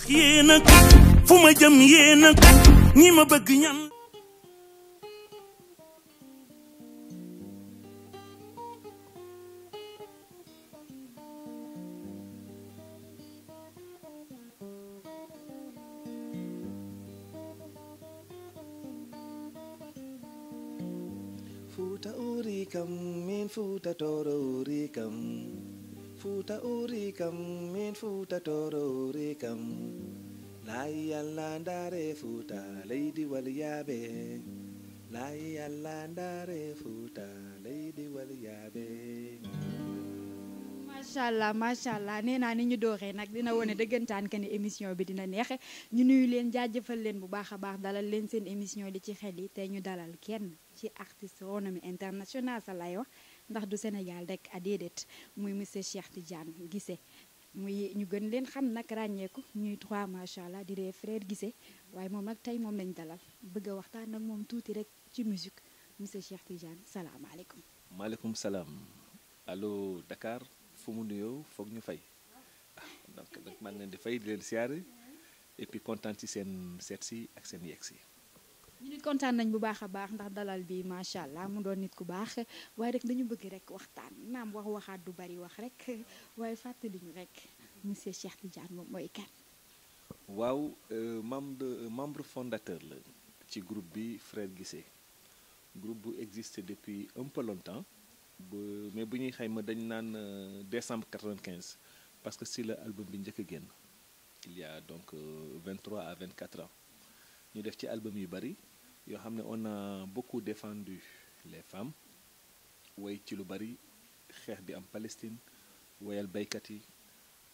wax yéen a kat fu ma jëm yéen a kat ñi ma bëgg ñan futa uri kam min futa toro uri kam fuuta uri kam min fuuta tooro uri kam layi allah ndaare fuuta allah macha allah macha allah nee naa ni ñu dooxee nag dina wone dëggantaan que ni émission bi dina neex ñu nuyu leen jaajëfal leen bu baax a baax dalal leen seen émission di ci xel yi tey ñu dalal kenn ci artiste international sa lay wax ndax du Sénégal rek a ah, déedéet muy monsieur Cheikh Tidiane Guissé muy ñu gën leen xam nag ràññeeku ñuy trois macha allah di ree frère Guissé waaye moom nag tey moom lañ dalal bëgg waxtaan ak moom tuuti rek ci musique monsieur Cheikh Tidiane salaamaaleykum. maaleykum salaam allo Dakar fu mu nuyoo foog ñu fay ah, donc nag maa ngi leen di fay di leen siyaare et puis ci seen seet si ak seen yegg si. ñu nit kontaan nañ bu baax a baax ndax dalal bi macha allah mu doon nit ku baax waaye rek dañu bëgg rek waxtaan naam wax waxaat du bari wax rek waaye fàttali ñu rek monsieur Cheikh Tidiane moom mooy kan. waaw euh, membre euh, membre fondateur la ci groupe bi Frère Guissé groupe bu existe depuis un peu longtemps mais bu ñuy xayma dañ naan euh, décembre 95 parce que si la album bi njëkk a génn il y a donc 23 à 24 ans ñu def ci album yu bari. yoo xam ne on a beaucoup défendu les femmes way ci lu bari xeex bi am Palestine wayal baykat yi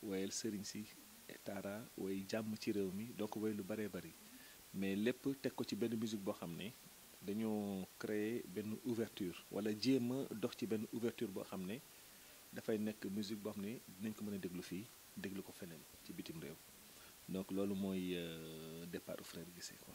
wayal sëriñ si taara way jàmm ci réew mi donc way lu baree bari mais lépp teg ko ci benn musique boo xam ne dañoo créer benn ouverture wala jéem dox ci benn ouverture boo xam ne dafay nekk musique boo xam ne dinañ ko mën a déglu fii déglu ko feneen ci bitim réew donc loolu mooy euh, départ Frères Guissé quoi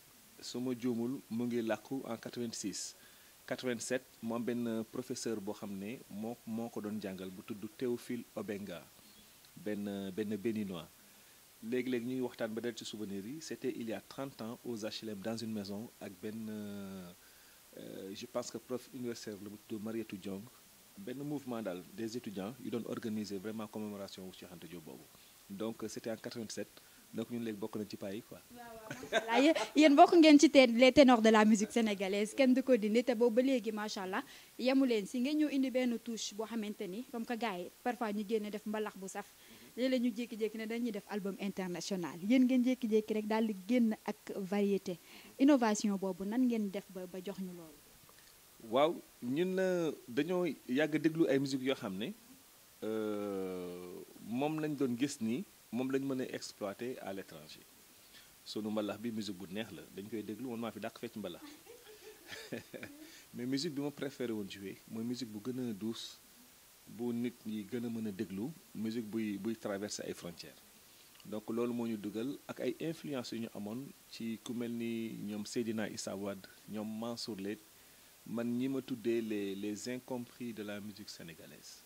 Somo ma juumul Lakou ngi en 86 87 moi un professeur qui a été moo Théophile Obenga ben ben béninois Les léegi ñuy waxtaan ba del c'était il y a 30 ans aux HLM dans une maison avec un euh, je pense que prof universitaire la Marietou Diong Un mouvement des étudiants ils ont organisé vraiment commémoration sur donc c'était en 87 donc ñun léegi bokk nañ ci paa yi quoi. yéen bokk ngeen ci te les ténors de la musique sénégalaise kenn du ko dindi te boobu ba léegi macha allah yemu leen si ngeen ñëw indi benn touche boo xamante ni comme que gars yi parfois ñu génn def mbalax bu saf. léeg-léeg ñu jékki-jékki ne dañuy def album international yéen ngeen jékki-jékki rek daal di génn ak variété innovation boobu nan ngeen def ba ba jox ñu loolu. waaw ñun euh, dañoo yàgg déglu ay musique yoo xam ne euh, moom lañ doon gis nii. mom suis mëna à l'étranger sonu mbalax bi musique bu neex la dañ koy déglu ma fi fecc mais musique bi ma préféré jouer la musique bu douce la musique buy buy traverser frontières donc loolu moo ñu ak ay influence yu ñu amoon ci ku mel ni Seydina Issa Wade les incompris de la musique sénégalaise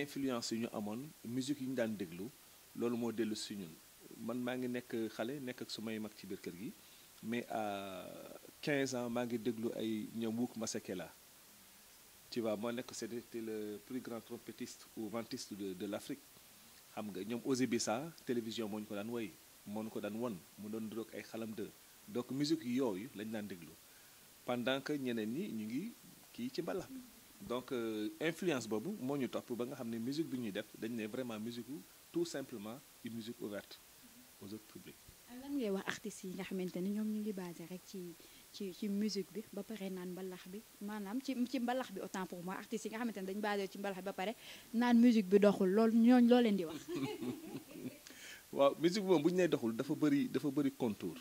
influence ñu amone musique yu ñu daan déglu loolu moo dellu si ñun man maa ngi nekk xale nekk ak sumay mag ci biir kër gi mais à 15 ans maa ngi déglu ay ñoom Wouk tu vois moo nekk c'était le plus grand trompettiste ou ventiste de de l'Afrique xam nga ñoom bi Bissa télévision moo ñu ko daan woy moo ñu ko daan won mu doon duroog ay xalam de donc musique yooyu lañ daan déglu pendant que ñeneen ñi ñu ngi kii ci mbalax donc euh, influence bobu mo ñu top ba nga xamné musique bi ñuy def dañ né vraiment musique tout simplement une musique ouverte aux autres publics. Ah, lan ngay wax artistes yi nga xamante ni ñoom ñu ngi basé rek ci ci ci musique bi ba pare naan mbalax bi manam ci ci mbalax bi autant pour moi artistes yi nga xamante ne dañu basé ci mbalax ba paré naan musique bi doxul loolu ñoo loo leen di wax. waaw musique bi bu ñu nee doxul dafa bari dafa bari contour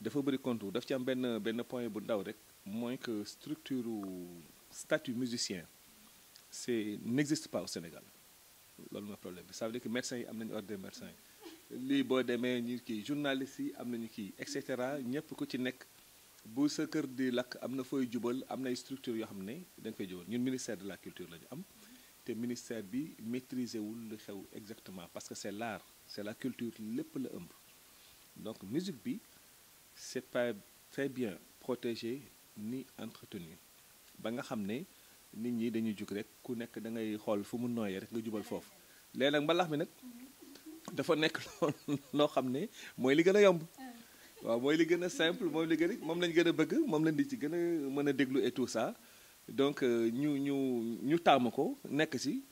dafa bari contour daf ci am ben ben point bu ndaw rek moins que structure statut musicien n'existe pas au Sénégal C'est problème ça veut dire que médecins yi ordre des médecins les journaliste journalistes etc. Ils nañu kii et ci bu sa kër di jubal structures yoo xam ministère de la culture le ministère bi maîtriser wul exactement parce que c'est l'art c'est la culture lépp la ëmb donc musique bi pas très bien protégé ni entretenu ba nga xam ne nit ñi dañuy jug rek ku nekk da ngay xool fu mu nooyee rek nga jubal foofu léegi nag mbalax mi nag dafa nekk loo xam ne mooy li gën a yomb waaw mooy li gën a simple mooy li gën moom lañ gën a bëgg moom lañ di ci gën a mën a déglu et tout ça donc euh, ñu ñu ñu tàmm ko nekk si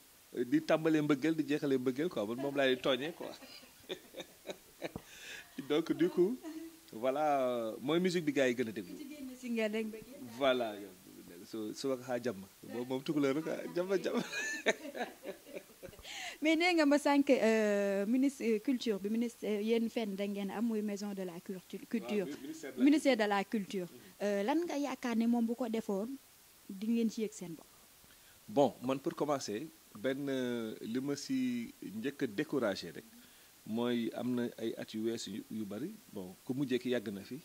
di tàmbalee mbëggeel di jeexalee mbëggeel ko man moom laay tooñee quoi donc du coup voilà euh, mooy musique bi gars yi gën a déglu voilà su su wax xaa mom boobu moom tukulóor rek ah, jàmm jàmm mais nee nga ma sànq euh, ministre euh, culture bi ministre euh, yenn fenn da ngeen am muy maison de la culture culture ministère de la culture euh lan nga yakane mom bu ko defoon di ngeen ci yek sen bopp bon man pour commencer ben li ma si njëkk a rek moy amna ay at yu weesu yu bari bon ku mujjé ki yag na fi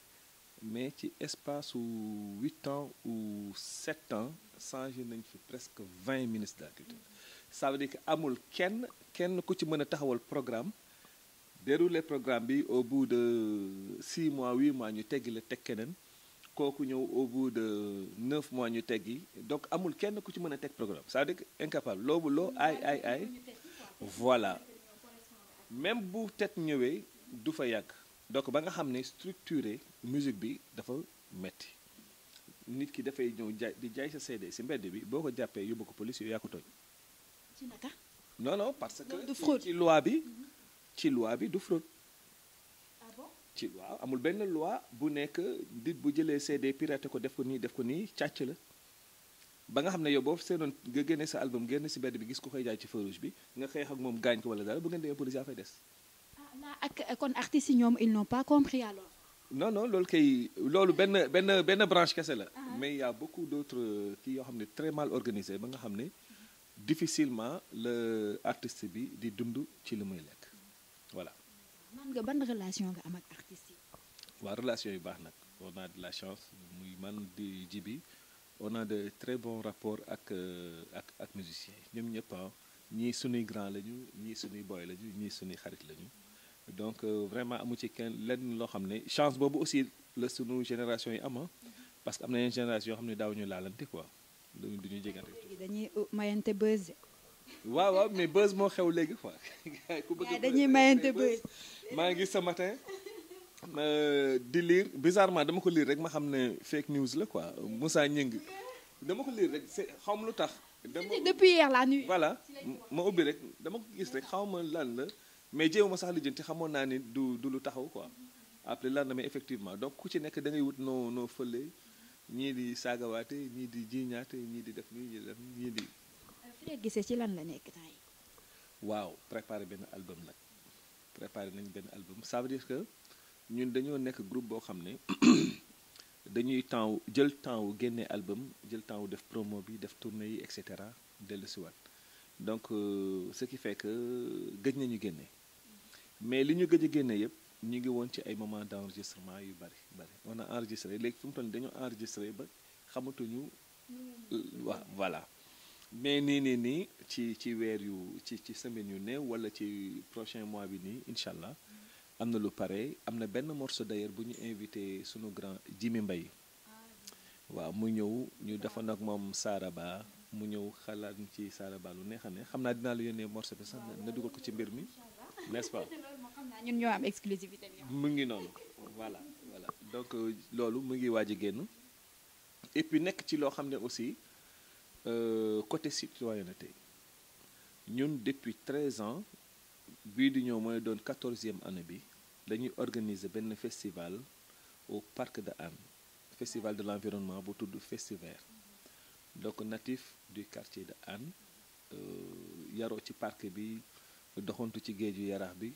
mais qui espace ou 8 ans ou 7 ans sans je n'ai presque 20 ministres ça veut dire qu'il n'y ken ken ko ci meuna taxawal programme dérouler programme au bout de 6 mois 8 mois ñu tégg le tek kenen koku au bout de 9 mois ñu tégg donc amoul ken ko ci meuna tek programme ça veut dire que incapable lobu lo ay ay ay voilà même si bu tête ñewé du fa yak donc ba nga xam ne structurer musique bi dafa metti nit ki dafay ñëw jaay di jaay sa CD si mbedd bi boo ko jàppee yóbbu ko police yooyu yaa ko tooñ ci naka non ci loi bi ci loi bi du fraude ah ci waaw amul benn loi bu nekk nit bu jëlee CD piraté ko def ko nii def ko nii càcc la ba nga xam ne yow boo seenoon nga génne sa album génn si mbedd bi gis ko koy jaay ci feu bi nga xeex ak moom gaañ ko wala dara bu ngeen demee police yaa fay des ak kon artistes yi ñoom ils n'ont pas compris alors. non non loolu kay loolu ben ben ben branche kese la. Ah. mais il y a beaucoup d'autres qui euh, yo xamné très mal organisé ba nga xamné difficilement le artiste bi di dund ci limuy lekk voilà. man nga ban relation nga am ak artistes yi. relation yu bax nak on a de la chance muy man di jibi on a de très bons rapports ak euh, ak ak musiciens yi ñoom ñi ah, ñii grand lañu ñi suñuy boy lañu ñi suñuy xarit lañu donc euh, vraiment amu ci kenn lenn loo xam ne chance boobu aussi la sunu génération yi ama ah, parce que am na génération yoo xam ne daaw ñu laalante quoi du ñu jegante dañuy oh, mayante buzz waaw waaw mais buzz moo xew léegi quoi ku bëgg dañuy mayante buzz maa ngi ce matin di lire bizarrement dama ko lire rek ma xam ne fake news la quoi Moussa Gningue dama ko lire rek c'est xaw ma lu tax depuis hier la nuit voilà ma ubbi rek dama ko gis rek xaw ma lan la mais jéewu ma sax lijjanti xamoon naa ni du du lu taxaw quoi après lan na mais effectivement donc ku ci nekk da ngay wut noo noo fële ni di sagawate ni di jiiñaate ni di def nii ni di frère ñii di. Fred Guissé ci lan la nekk temps waaw préparé benn album là préparer nañ benn album ça veut dire que ñun dañoo nekk groupe boo xam dañuy temps jël temps wu album jël temps def promo bi def tournée yi et cetera dellusiwaat donc euh, ce qui fait que gëj nañu génne. mais li ñu gëj a génne yëpp ñu ngi woon ci ay moment d' enregistrement yu bari bari on a enregistré léegi fi mu toll dañoo enregistré ba xamatuñu waa voilà mais nii nii nii ci ci weer yu ci ci semaine yu néew wala ci prochain mois bi nii incha allah am na lu pare am na benn morceau d'ailleurs bu ñu invité sunu grand Jimi mbay waaw mu ñëw ñu defoon nag moom Saaraba mu ñëw xalaat ci Saaraba lu neex a ne xam naa dinaa la yónnee morceau bi sax na dugal ko ci mbir mi Nous avons am exclusivité mu ngi voilà donc euh, loolu mu ngi a et puis nous ci loo xam aussi euh, côté citoyenneté ñun depuis 13 ans depuis di ñëw mooy doon 14e année bi dañuy organiser festival au parc de Anne festival de l'environnement bu tudd festival. donc natif du quartier de Anne euh, yaroo ci parc bi doxantu ci géeju bi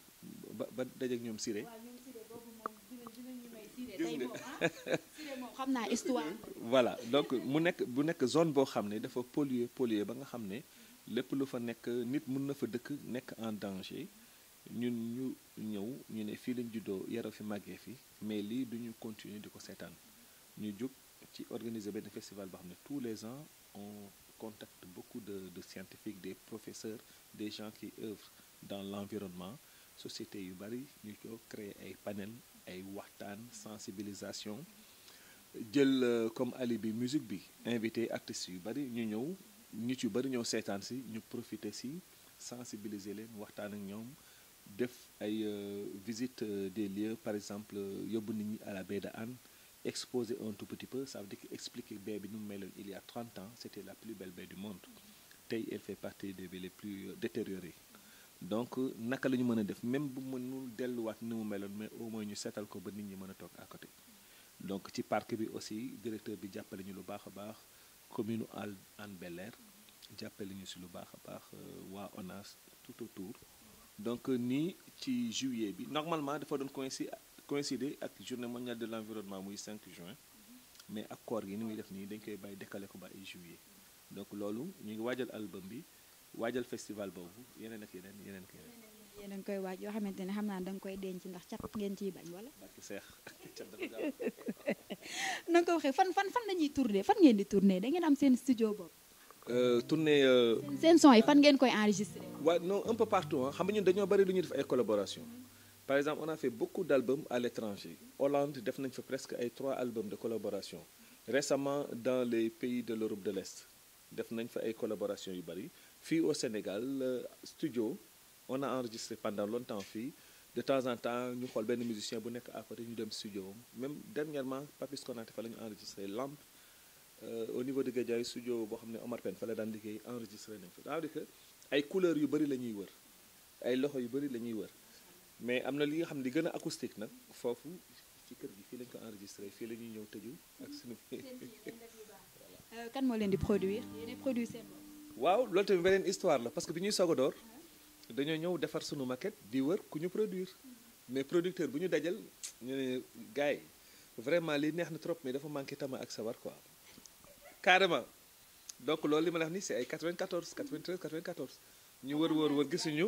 voilà donc mu nek bu nek zone polluée, xamné dafa polluer polluer ba nga lu fa nit en danger ñun ñu ñëw ñu mais nous continuons de continuer di ko ñu ci organiser festival tous les ans on contacte beaucoup de de scientifiques des professeurs des gens qui œuvrent dans l'environnement société yu nous avons créé des ay panel ay sensibilisation euh, comme ali bi musique bi invité artistes yu Nous ñu ñëw nit yu bari si sensibiliser les waxtaan ak ñoom euh, visite euh, des lieux par exemple à la baie d'Anne, exposer un tout petit peu ça veut dire que expliquer baie bi nu il y a 30 ans c'était la plus belle baie du monde elle fait partie des les plus détériorées donc euh, naka lañu mën a def même bu mënul delluwaat ni mu meloon mais au moins ñu seetal ko ba nit ñi mën a toog à côté donc ci parc bi aussi directeur bi jàppale ñu lu baax a baax commune al Hann Bel-Air jàppale ñu si lu baax a baax euh, waa ONAS tout autour donc euh, ni ci juillet bi normalement dafa doon coïncider ak journée mondiale de l'environnement muy 5 juin mais accord yi gi ni muy def nii dañ koy bàyyi décaler ko ba ay juillet donc loolu ñu ngi waajal album bi waajal festival boobu yenen ak yenen yenen ak yenen yenen koy waaj yo xamante xamna dang koy denc ndax cat ngeen ci bañ wala. barke seex cat dafa gaaw. na ko waxee fan fan fan la ñuy tourné fan ngeen di tourner da ngeen am sen studio bob euh tourner euh sen son yi fan ngeen koy enregistrer wa non un peu partout ah xam nga ñun dañoo bari lu ñuy def ay collaboration par exemple on a fait beaucoup d'albums à l'étranger Hollande def nañ fa presque ay 3 albums de collaboration récemment dans les pays de l'Europe de l'Est def nañ fa ay collaboration yu bari fii au Sénégal euh, studio on a enregistré pendant longtemps fii de temps en temps ñu xool benn musicien bu nekk à côté ñu dem studio même dernièrement Papis Konaté fa la enregistrer enregistré Lamp euh, au niveau de Guédiawaye studio bo xamné Omar Pen fa la daan liggéey enregistrer nañ fa ça veut que ay couleurs yu bari la wër ay loxo yu bari lañuy wër mais amna li nga xam gëna acoustique nak fofu ci kër gi fi lañ ko enregistrer fi lañuy ñëw tëju ak suñu. Euh, kan mo leen di produire yéen produit seen Wow, loolu tamit beneen histoire la parce que bi ñuy soog a door dañoo ñëw defar sunu maquette di wër ku ñu produire mais producteur bu dajal ñu ne gars vraiment li neex na trop mais dafa manqué tama ak sabar quoi carrément donc loolu li ma la wax ni c'est ay 94 93 94 ñu wër wër wër gisuñu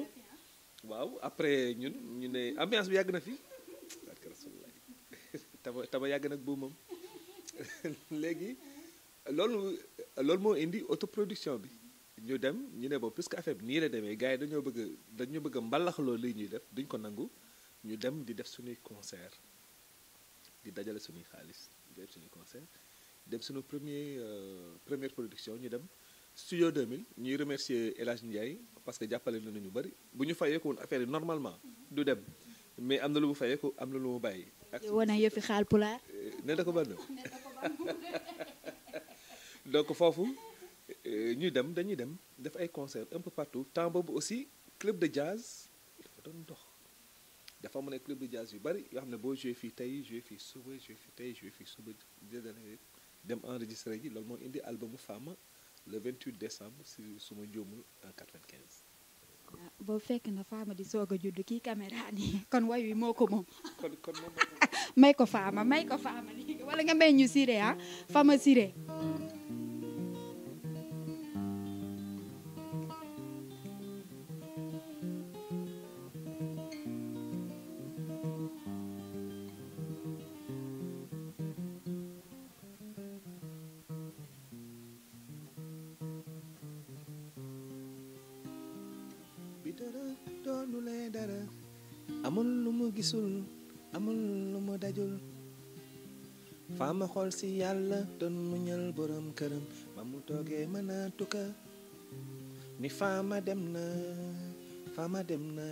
waaw après ñun ñu ne ambiance bi yàgg na fi tama tama yàgg nag buumam léegi loolu loolu moo indi autoproduction bi ñu dem ñu ne boobu puisque affaire bi nii la demee gars yi dañoo bëgg dañu bëgg a mbalaxloo lii ñuy def duñ ko nangu ñu dem di def suñuy concert di dajale suñuy xaalis di def suñuy concert dem suñu premier euh, première production ñu dem studio 2000 ñuy remercier El Ndiaye parce que jàppale na ñu bari bu ñu fayee ko woon affaire yi normalement du dem mais am na lu mu fayee ko am na lu mu bàyyi. wane yëfi xaal pulaar. Euh, ne da ko ban donc foofu. Euh, ñu dem dañuy dem def ay concert un peu partout temps boobu aussi club de jazz dafa doon dox dafa club de jazz yu bari yoo xam ne boo joué fii tey joué fii suba joué fii tey joué fii suba dem enregistré ji loolu moo indi albumu Fama le 28 décembre si suma njuumul en 95. Ah, bo fekk na Fama di soog a judd kii caméra ni, kon way wi moo ko moom. kon kon may ko Fama may ko Faama wala nga may ñu Siré ah Fama Siré. dara doonulee dara amul lu mu gisul amul lu mu dajul faama xool ci yàlla doon muñal borom këram ba mu toogee mën a tukka ni faama dem na faama dem na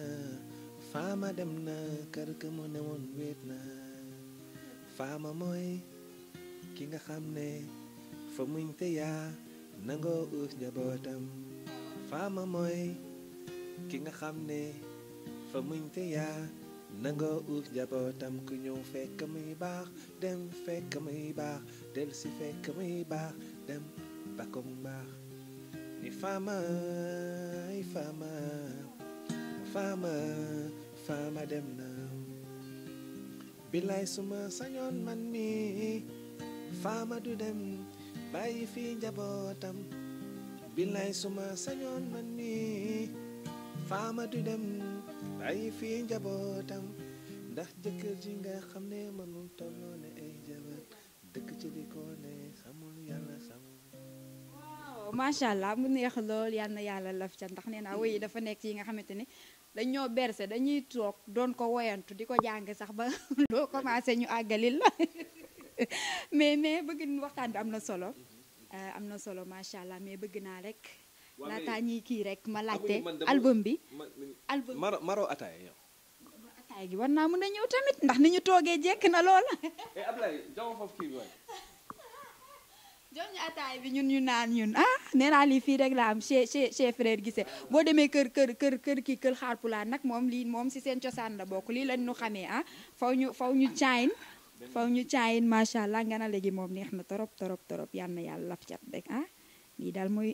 faama dem na kër ga mu ne wéet na faama mooy ki nga xam ne fa muñ te nangoo uus njabootam faama mooy kinga khamne faming te ya nango uk jabo tam kunyo fe kamay bar dem fe kamay bar del si fe kamay bar dem bakong bar ni fama i fama fama fama dem na bilay suma sañon man mi fama du dem bayyi fi jabotam bilay suma sañon man mi faamatu dem bàyyi fii njabootam ndax jëkkër ji nga xam ne mënul tolloo ne ay jabar dëkk ci di ko ne yàlla xamul waaw macha allah mu neex lool yal na yàlla laf ca ndax nee naa woy yi dafa nekk yi nga xamante ni dañ ñoo berse dañuy toog doon ko woyantu di ko jàng sax ba loo commencé ñu àggalil la mais mais bëgg waxtaan bi am na solo mhm. euh, am na solo macha allah mais bëgg naa rekk laataa ñuy kii rek ma ah, laajte album bi. album maro maro ataaya yow. ataaya gi war naa mën a ñëw tamit ndax ni ñu toogee jekk na lool. eh Ablaye jox foofu kii bi waay. jox ñu ataaya bi ñun ñu naan ñun ah nee naa lii fii rek la am chez chez chez frère Guissé boo demee kër kër kër kër kii kër Haalpulaar nag moom lii moom si seen cosaan la bokk lii lañ ñu xamee ah faw ñu faw ñu caayin. faw ñu caayin macha allah nga na léegi moom neex na torop torop torop yal na yàlla laf cat rek ah lii daal mooy.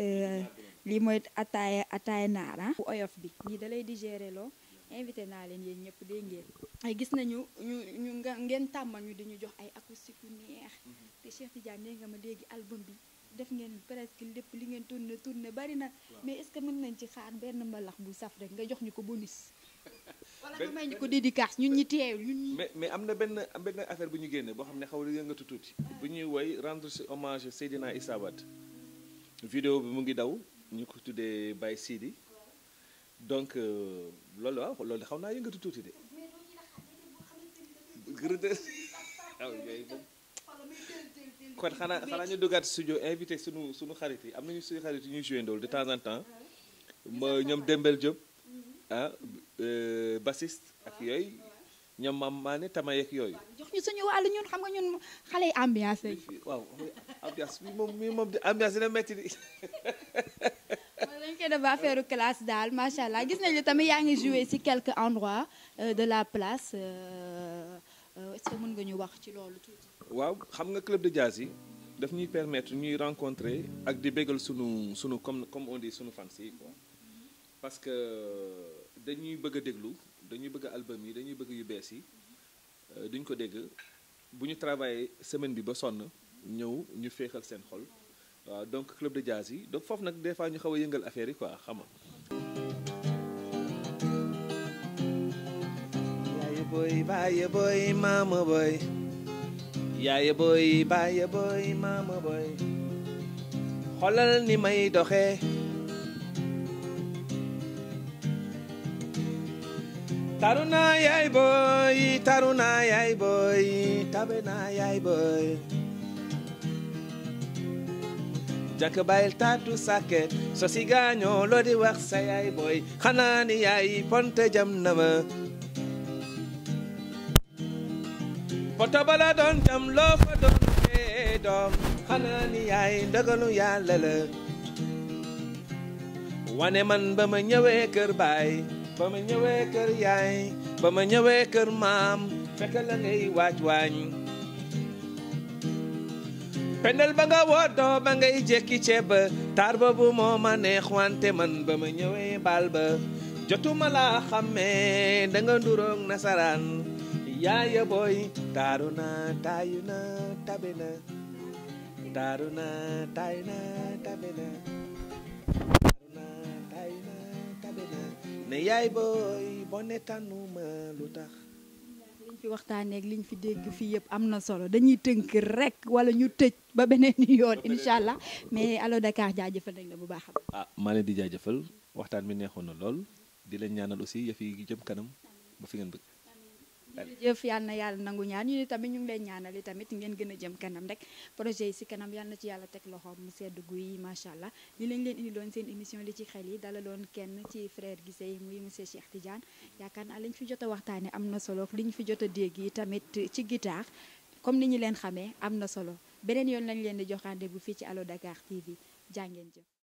Euh, lii mooy ataaya ataaya naar bu oyof bi lii da lay digéré loo invité naa leen yéen ñëpp dégg ngeen ay gis nañu ñu ñu nga ngeen tàmbal ñu ñu jox ay acoustique yu neex mhm. te Cheikh Tidiane nee nga ma léegi album bi def ngeen presque lépp li ngeen tourné ne bari na mais est-ce que mën nañ ci xaar benn mbalax bu saf rek nga jox ñu ko bonus wala nga may ñu ko dédicace ñun ñi teew ñun ñi mais am na benn benn affaire bu ñu génne boo xam ne xaw la yëngatu tuuti ah. bu ñuy woy rendre hommage Seydina Issa Wade vidéo bi mu ngi daw ñu ko tuddee bay Sidi donc euh, loolu waaw loolu xaw naa yëngatu tuuti de. Ah, kon xanaa xanaa ñu duggaat studio invité suñu suñu xarit yi am nañu suñu xarit yi ñuy joué ndool de temps en temps ma ñoom Dembel Diop ah euh, bassiste ak yooyu. Wow, maam maa ne jox ñu suñu ñun xam nga ñun waaw bi classe Nous sommes gis nañu quelques endroits euh, de la place euh, euh, est-ce que nga ñu wax ci club de jazz yi nous permettre ñuy rencontrer ak di bégal comme comme on dit suñu fans quoi parce que dañuy bëgg déglu. dañuy bëgg album yi dañuy bëgg yu bees yi euh, duñ ko dégg bu ñu travaillé semaine bi ba sonn ñëw ñu féexal seen xol waaw donc club de jazz yi donc foofu nag des fois ñu xaw a yëngal affaire yi quoi xam yaaye boy baaye xolal ni may doxee taru na boy yaay boy tabe na yaay boy jakk bayil taatu sàkket so si gaañoo loo di wax yaay boy xanaa ni yaay ponte jam na ma poto bala doon jam loo fa doon fee doom xanaa ni yaay ndogalu yàlla la wane man ba ma ñëwee kër baay ba ma ñëwee kër yaay ba ma ñëwee kër maam fekk la ngay waaj waañ pendel ba nga wootoo ba ngay jekki ceeb ba taar ba bu moo ma neex wante man ba ma ñëwee baal ba jotuma laa xàmmee da nga nduroog nasaraan yaaya booy taaru na taayu na tabe mais yaay booy bone tànnuma lu tax liñ fi waxtaaneeg liñ fi dégg fii yëpp am na solo dañuy tënk rek wala ñu tëj ba beneen yoon incha allah mais Allo Dakar jaajëfal nañ la bu baax ah maa leen di jaajëfal waxtaan bi neexoon na lool di leen ñaanal aussi yëf yi jëm kanam ba fi ngeen bëgg jërëjëf yal na yàlla nangu ñaan ñu ni tamit ñu ngi leen ñaanal i tamit ngeen gën a jëm kanam rek projet yi si kanam yal na ci yàlla teg loxo mu sedd guy macha allah li lañ leen indi loon seen émission li ci xel yi dalaloon kenn ci frère Guissé muy monsieur Cheikh Tidiane yaakaar naa liñ fi jot a waxtaane am na solo liñ fi jot a dégg yi tamit ci guitare comme ni ñu leen xamee am na solo beneen yoon lañ leen di jox rendez-vous fii ci Allo Dakar TV jàngeen jëm